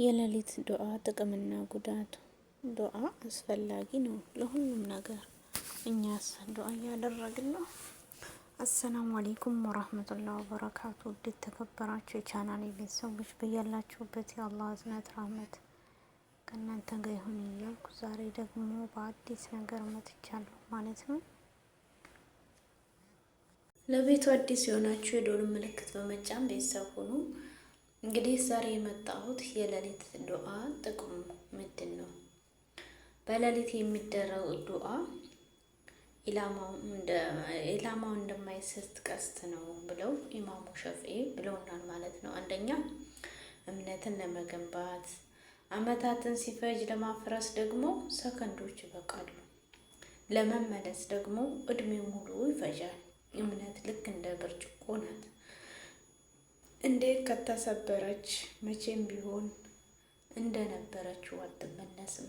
የሌሊት ዱዓ ጥቅምና ጉዳቱ። ዱዓ አስፈላጊ ነው ለሁሉም ነገር። እኛስ ዱዓ እያደረግን ነው። አሰላሙ አሌይኩም ወራህመቱላሂ ወበረካቱ። ውድ ተከበራችሁ የቻናል ቤተሰቦች በያላችሁበት የአላህ እዝነት ራህመት ከእናንተ ጋር ይሁን እያልኩ ዛሬ ደግሞ በአዲስ ነገር መጥቻለሁ ማለት ነው። ለቤቱ አዲስ የሆናችሁ የደወል ምልክት በመጫን ቤተሰብ ሁኑ። እንግዲህ ዛሬ የመጣሁት የሌሊት ዱዓ ጥቅሙ ምንድን ነው? በሌሊት የሚደረው ዱዓ ኢላማው እንደማይስት ቀስት ነው ብለው ኢማሙ ሸፍኤ ብለውናል ማለት ነው። አንደኛ እምነትን ለመገንባት አመታትን ሲፈጅ ለማፍረስ ደግሞ ሰከንዶች ይበቃሉ። ለመመለስ ደግሞ እድሜ ሙሉ ይፈጃል። እምነት ልክ እንደ ብርጭቆ ናት። እንዴት ከተሰበረች መቼም ቢሆን እንደነበረችው አትመለስም።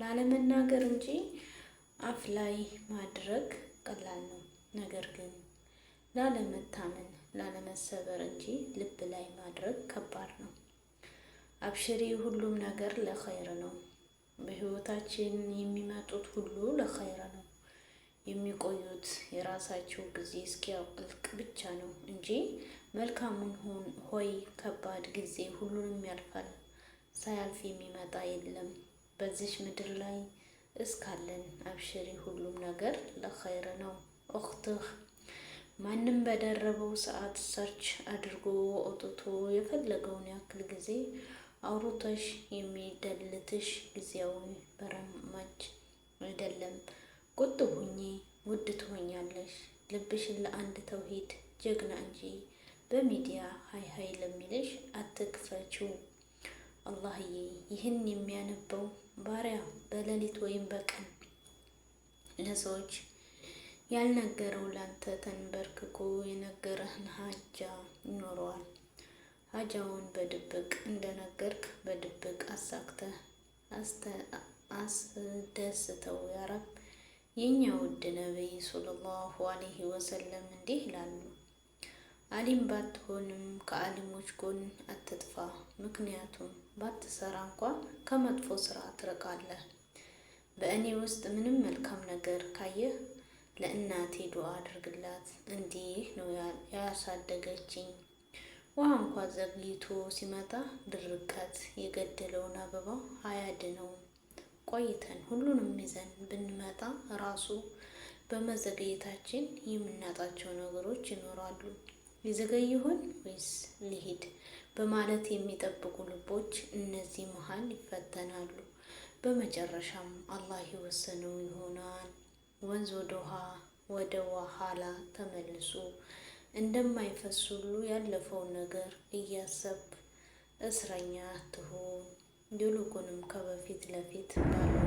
ላለመናገር እንጂ አፍ ላይ ማድረግ ቀላል ነው። ነገር ግን ላለመታመን፣ ላለመሰበር እንጂ ልብ ላይ ማድረግ ከባድ ነው። አብሽሪ፣ ሁሉም ነገር ለኸይር ነው። በህይወታችን የሚመጡት ሁሉ ለኸይር ነው። የሚቆዩት የራሳቸው ጊዜ እስኪያውቅልቅ ብቻ ነው እንጂ መልካሙን ሆይ ከባድ ጊዜ ሁሉንም ያልፋል፣ ሳያልፍ የሚመጣ የለም። በዚች ምድር ላይ እስካለን አብሽሪ፣ ሁሉም ነገር ለኸይር ነው። ኦክትህ ማንም በደረበው ሰዓት ሰርች አድርጎ አውጥቶ የፈለገውን ያክል ጊዜ አውሮተሽ የሚደልትሽ ጊዜያዊ በረማች አይደለም። ቁጥ ሁኚ ውድ ትሆኛለሽ። ልብሽን ለአንድ ተውሂድ ጀግና እንጂ በሚዲያ ሀይ ሀይ ለሚልሽ አትክፈችው። አላህዬ ይህን የሚያነበው ባሪያ በሌሊት ወይም በቀን ለሰዎች ያልነገረው ላንተ ተንበርክኮ የነገረህን ሀጃ ይኖረዋል። ሀጃውን በድብቅ እንደነገርክ በድብቅ አሳክተህ አስደስተው ያረብ። የእኛ ውድ ነቢይ ሶለላሁ አለይህ ወሰለም እንዲህ ይላሉ አሊም ባትሆንም ከአሊሞች ጎን አትጥፋ። ምክንያቱም ባትሰራ እንኳ ከመጥፎ ስራ ትርቃለህ። በእኔ ውስጥ ምንም መልካም ነገር ካየህ ለእናቴ ዱዓ አድርግላት። እንዲህ ነው ያሳደገችኝ። ውሃ እንኳ ዘግይቶ ሲመጣ ድርቀት የገደለውን አበባ አያድነውም። ቆይተን ሁሉንም ይዘን ብንመጣ ራሱ በመዘግየታችን የምናጣቸው ነገሮች ይኖራሉ። ሊዘገይ ይሆን ወይስ ሊሄድ በማለት የሚጠብቁ ልቦች እነዚህ መሀል ይፈተናሉ። በመጨረሻም አላህ የወሰነው ይሆናል። ወንዝ ወደ ውሃ ወደ ኋላ ተመልሶ እንደማይፈስ ሁሉ ያለፈውን ነገር እያሰብ እስረኛ አትሆን። ይልቁንም ከበፊት ለፊት ባለው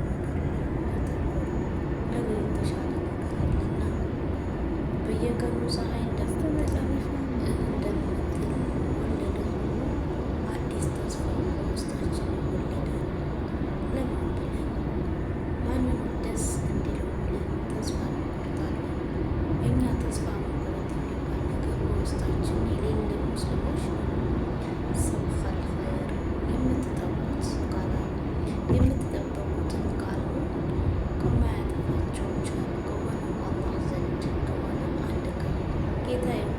ነገር የተሻለ ነገር አለና በየቀኑ ፀሐይ એ થાય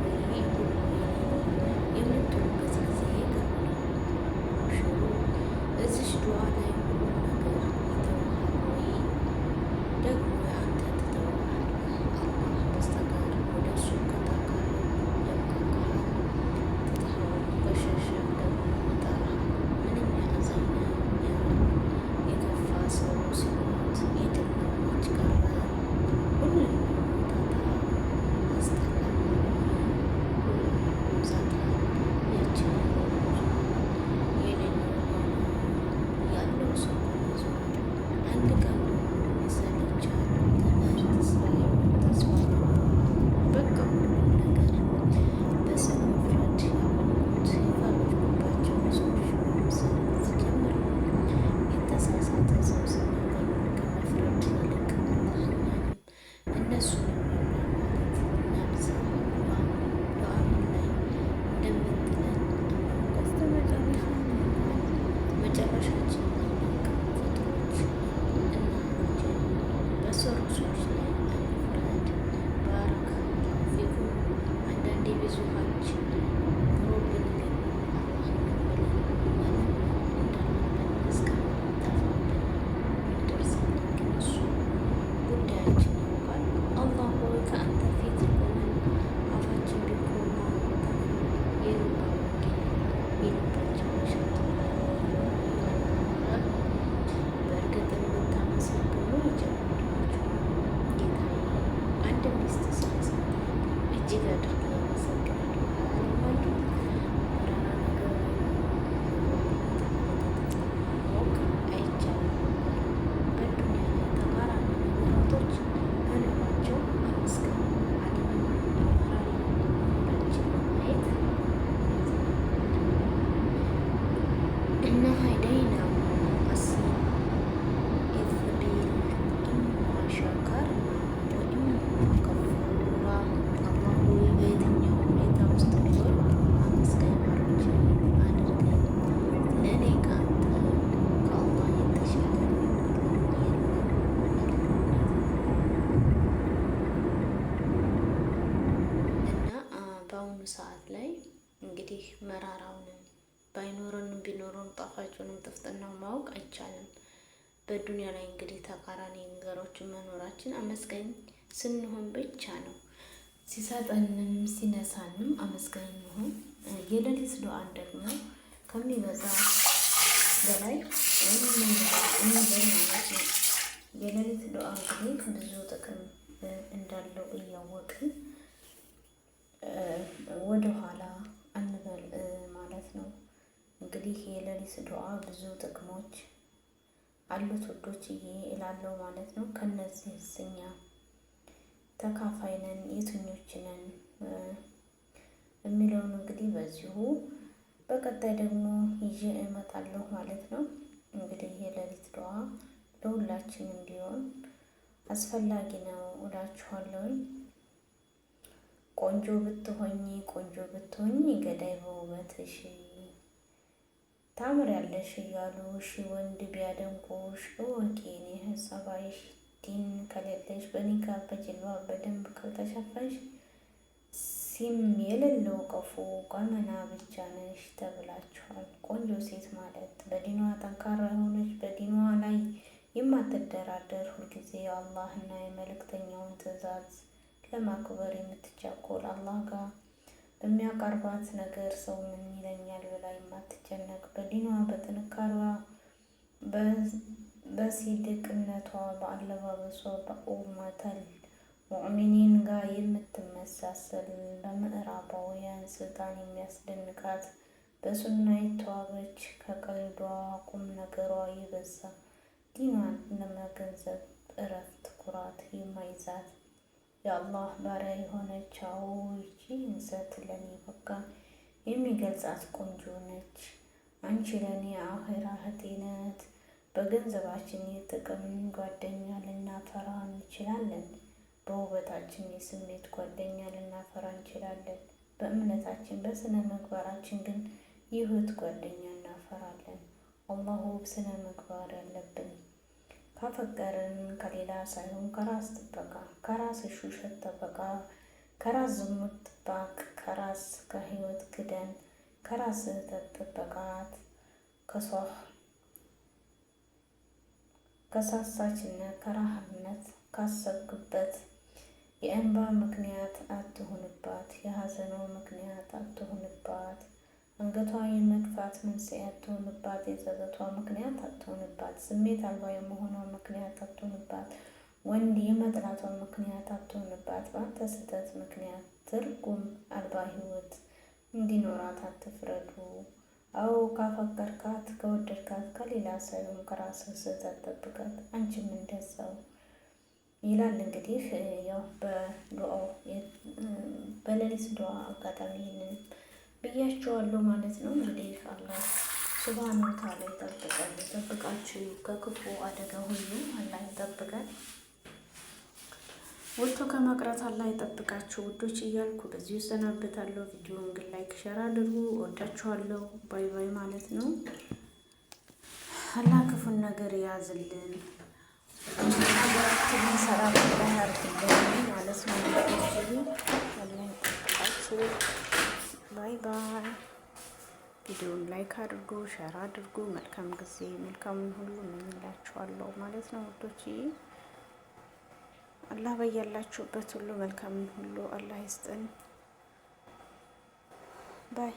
መራራውንም ባይኖረንም ቢኖረን ጣፋጩንም ጥፍጥናው ማወቅ አይቻልም። በዱንያ ላይ እንግዲህ ተቃራኒ ነገሮችን መኖራችን አመስጋኝ ስንሆን ብቻ ነው። ሲሰጠንም ሲነሳንም አመስጋኝ መሆን። የሌሊት ዱዓን ደግሞ ከሚበዛ በላይ እንበል ማለት ነው። የሌሊት ዱዓ እንግዲህ ብዙ ጥቅም እንዳለው እያወቅን ወደ ሳይንስ ዱዓ ብዙ ጥቅሞች አሉት ውዶች ይሄ እላለው ማለት ነው። ከነዚህ እኛ ተካፋይ ነን የትኞች ነን የሚለውን እንግዲህ በዚሁ በቀጣይ ደግሞ ይዤ እመጣለሁ ማለት ነው። እንግዲህ የሌሊት ዱዓ ለሁላችን እንዲሆን አስፈላጊ ነው እላችኋለሁኝ። ቆንጆ ብትሆኝ ቆንጆ ብትሆኝ ገዳይ በውበትሽ ታምሪያለሽ እያሉሽ ወንድ ቢያደንቁሽ እወቂ እኔህ ጸባይሽ ዲን ከሌለሽ በኒካ በጀልባ በደንብ ከተሸፈንሽ ሲም የሌለው ቀፎ ቀመና ብቻ ነሽ ተብላችኋል። ቆንጆ ሴት ማለት በዲኗ ጠንካራ የሆነች በዲኗ ላይ የማትደራደር ሁልጊዜ የአላህና የመልእክተኛውን ትዕዛዝ ለማክበር የምትቻኮል አላህ ጋር በሚያቀርባት ነገር ሰው ምን ይለኛል ብላ የማትጨነቅ በዲኗ በጥንካሬዋ በሲድቅነቷ በአለባበሷ በኡመተል ሙእሚኒን ጋር የምትመሳሰል በምዕራባውያን ስልጣን የሚያስደንቃት በሱና የተዋበች ከቀልዷ ቁም ነገሯ የበዛ ዲኗን ለመገንዘብ እረፍት ኩራት የማይዛት የአላህ ባሪያ የሆነች አዎ ይቺ እንሰት ለኔ በቃ የሚገልጻት ቆንጆ ነች። አንቺ ለኔ አኸራ ህቴነት በገንዘባችን የጥቅም ጓደኛ ልናፈራ እንችላለን። በውበታችን የስሜት ጓደኛ ልናፈራ እንችላለን። በእምነታችን በስነ ምግባራችን ግን ይሁት ጓደኛ እናፈራለን። አላሁ ስነ ምግባር ያለብን ካፈቀርን ከሌላ ሳይሆን ከራስ ጥበቃ፣ ከራስ ሹሸት ጠበቃ፣ ከራስ ዝሙት ጥባቅ፣ ከራስ ከህይወት ክደን፣ ከራስ ስህተት ጥበቃት፣ ከሷፍ ከሳሳችነት፣ ከረሃብነት፣ ካሰብክበት የእንባ ምክንያት አትሁንባት፣ የሐዘኗ ምክንያት አትሁንባት። አንገቷ የመድፋት መንስኤ አትሆንባት፣ የጸጸቷ ምክንያት አትሆንባት፣ ስሜት አልባ የመሆኗ ምክንያት አትሆንባት፣ ወንድ የመጥላቷ ምክንያት አትሆንባት። በአንተ ስህተት ምክንያት ትርጉም አልባ ህይወት እንዲኖራት አትፍረዱ። አዎ ካፈቀርካት ከወደድካት ከሌላ ሰውም ከራስህ ስህተት ጠብቃት፣ አንቺም እንደዛው ይላል። እንግዲህ ያው በዱዓው በሌሊት ዱዓ አጋጣሚ ይህንን ብያችኋለሁ ማለት ነው። እንግዲህ አላህ ሱብሃነሁ ወተዓላ ይጠብቀን፣ ይጠብቃችሁ ከክፉ አደጋ ሁሉ አላህ ይጠብቀን፣ ወጥቶ ከመቅረት አላህ ይጠብቃችሁ ውዶች እያልኩ በዚሁ እሰናበታለሁ። ቪዲዮውን ግን ላይክ፣ ሸር አድርጉ። ወዳችኋለሁ። ባይ ባይ ማለት ነው። አላህ ክፉን ነገር ያዝልን ሀገራችን ሰላም ያርግልን ማለት ነው። ባይ ባይ። ቪዲዮን ላይክ አድርጉ፣ ሸር አድርጉ። መልካም ጊዜ መልካሙን ሁሉ እመኝላችኋለሁ ማለት ነው ውዶች። አላህ በያላችሁበት ሁሉ መልካምን ሁሉ አላህ ይስጥን ባይ